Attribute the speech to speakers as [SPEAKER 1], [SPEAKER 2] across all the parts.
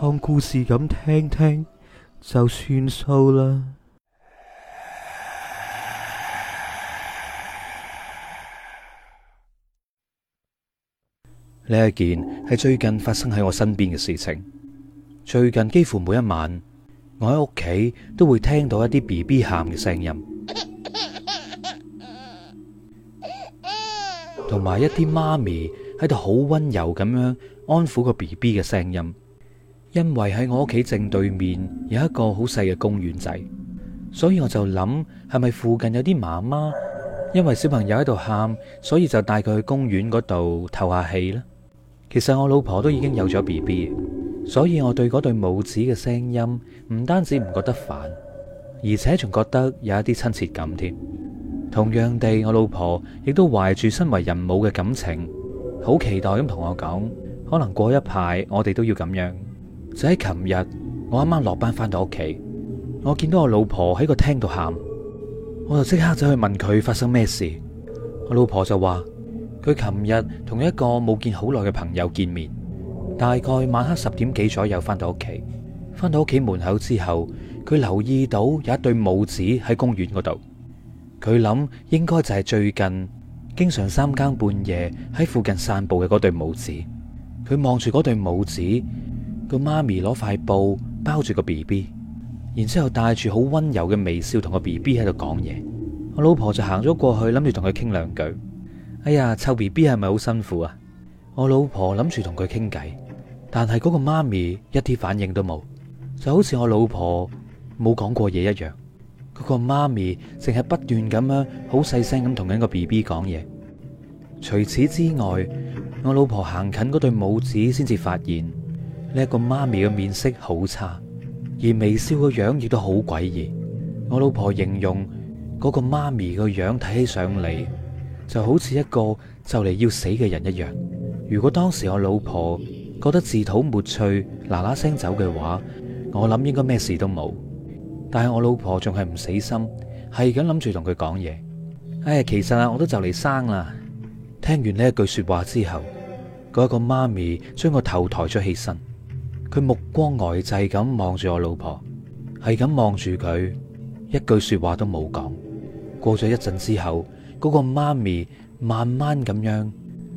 [SPEAKER 1] 當故事咁聽聽就算數啦。呢一件係最近發生喺我身邊嘅事情。最近幾乎每一晚，我喺屋企都會聽到一啲 BB 喊嘅聲音，同埋 一啲媽咪喺度好溫柔咁樣安撫個 BB 嘅聲音。因為喺我屋企正對面有一個好細嘅公園仔，所以我就諗係咪附近有啲媽媽，因為小朋友喺度喊，所以就帶佢去公園嗰度透下氣呢。其實我老婆都已經有咗 BB，所以我對嗰對母子嘅聲音唔單止唔覺得煩，而且仲覺得有一啲親切感添。同樣地，我老婆亦都懷住身為人母嘅感情，好期待咁同我講，可能過一排我哋都要咁樣。就喺琴日，我啱啱落班翻到屋企，我見到我老婆喺個廳度喊，我就即刻走去問佢發生咩事。我老婆就話佢琴日同一個冇見好耐嘅朋友見面，大概晚黑十點幾左右翻到屋企。翻到屋企門口之後，佢留意到有一對母子喺公園嗰度，佢諗應該就係最近經常三更半夜喺附近散步嘅嗰對母子。佢望住嗰對母子。個媽咪攞塊布包住個 B B，然之後帶住好温柔嘅微笑同個 B B 喺度講嘢。我老婆就行咗過去，諗住同佢傾兩句。哎呀，臭 B B 係咪好辛苦啊？我老婆諗住同佢傾偈，但係嗰個媽咪一啲反應都冇，就好似我老婆冇講過嘢一樣。嗰個媽咪淨係不斷咁樣好細聲咁同緊個 B B 講嘢。除此之外，我老婆行近嗰對母子先至發現。呢一個媽咪嘅面色好差，而微笑嘅樣亦都好詭異。我老婆形容嗰個媽咪嘅樣睇起上嚟就好似一個就嚟要死嘅人一樣。如果當時我老婆覺得自討沒趣，嗱嗱聲走嘅話，我諗應該咩事都冇。但係我老婆仲係唔死心，係咁諗住同佢講嘢。唉，其實啊，我都就嚟生啦。聽完呢一句說話之後，嗰個媽咪將個頭抬咗起身。佢目光呆滯咁望住我老婆，係咁望住佢，一句說話都冇講。過咗一陣之後，嗰個媽咪慢慢咁樣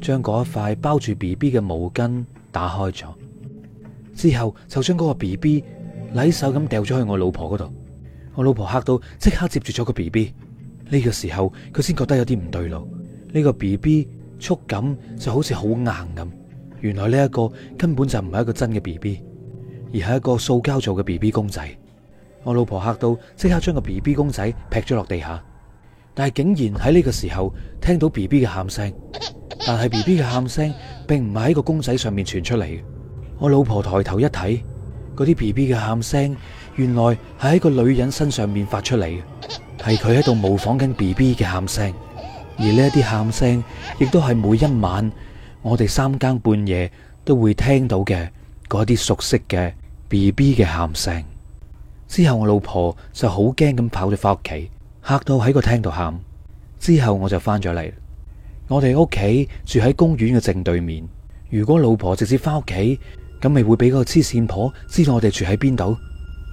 [SPEAKER 1] 將嗰一塊包住 B B 嘅毛巾打開咗，之後就將嗰個 B B 禮手咁掉咗去我老婆嗰度。我老婆吓到即刻接住咗個 B B，呢個時候佢先覺得有啲唔對路，呢個 B B 觸感就好似好硬咁。原來呢一個根本就唔係一個真嘅 B B，而係一個塑膠做嘅 B B 公仔。我老婆嚇到，即刻將個 B B 公仔劈咗落地下。但係竟然喺呢個時候聽到 B B 嘅喊聲，但係 B B 嘅喊聲並唔係喺個公仔上面傳出嚟。我老婆抬頭一睇，嗰啲 B B 嘅喊聲原來係喺個女人身上面發出嚟，係佢喺度模仿緊 B B 嘅喊聲。而呢一啲喊聲亦都係每一晚。我哋三更半夜都會聽到嘅嗰啲熟悉嘅 B B 嘅喊聲，之後我老婆就好驚咁跑咗翻屋企，吓到喺個廳度喊。之後我就翻咗嚟，我哋屋企住喺公園嘅正對面。如果老婆直接翻屋企，咁咪會俾嗰個黐線婆知道我哋住喺邊度。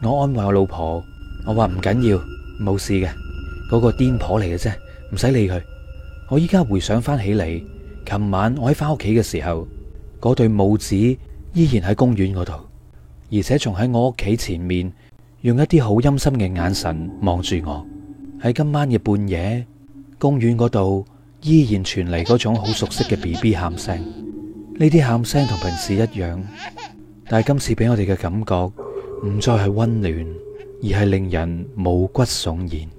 [SPEAKER 1] 我安慰我老婆，我話唔緊要，冇事嘅，嗰個癲婆嚟嘅啫，唔使理佢。我依家回想翻起嚟。琴晚我喺翻屋企嘅時候，嗰對母子依然喺公園嗰度，而且仲喺我屋企前面，用一啲好陰森嘅眼神望住我。喺今晚嘅半夜，公園嗰度依然傳嚟嗰種好熟悉嘅 BB 喊聲。呢啲喊聲同平時一樣，但係今次俾我哋嘅感覺唔再係溫暖，而係令人毛骨悚然。